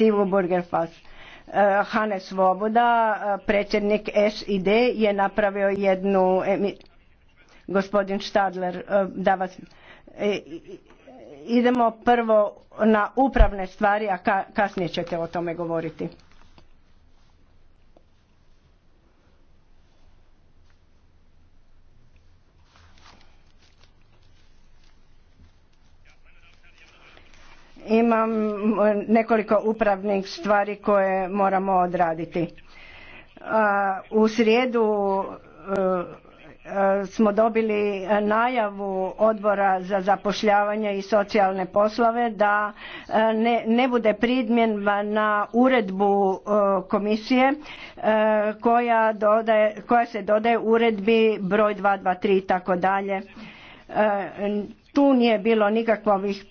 inicijativu Burgerfass. E, Hane Svoboda, e, predsjednik SID, je napravio jednu... Gospodin Štadler, e, da vas... Idemo prvo na upravne stvari, a kasnije ćete o tome govoriti. imam eh, nekoliko upravnih stvari koje moramo odraditi. Eh, u srijedu eh, smo dobili najavu odbora za zapošljavanje i socijalne poslove da ne, bude primjenba na uredbu komisije koja, koja se dodaje uredbi broj 223 i tako dalje tu nije bilo nikakvih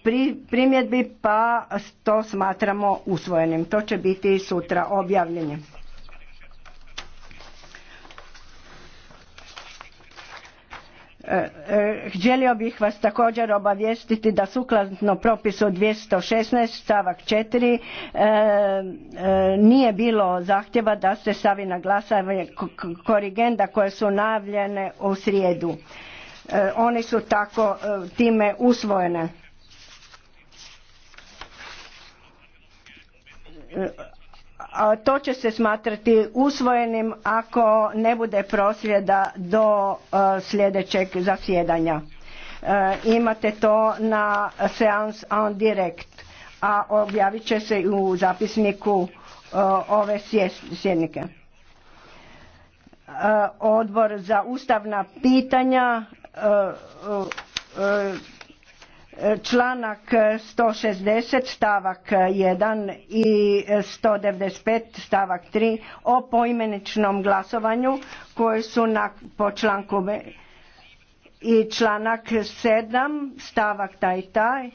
primjedbi pa to smatramo usvojenim. To će biti sutra objavljenje. E, želio bih vas također obavijestiti da sukladno propisu 216 stavak 4 e, e, nije bilo zahtjeva da se stavi na glasanje korigenda koje su najavljene u srijedu. Eh, one su tako eh, time usvojene. Eh, a to će se smatrati usvojenim ako ne bude prosvjeda do sljedećeg zasjedanja. Imate to na seans on direct, a objavit će se u zapisniku ove sjednike. Odbor za ustavna pitanja članak 160 stavak 1 i 195 stavak 3 o poimeničnom glasovanju koji su na, po članku i članak 7 stavak taj taj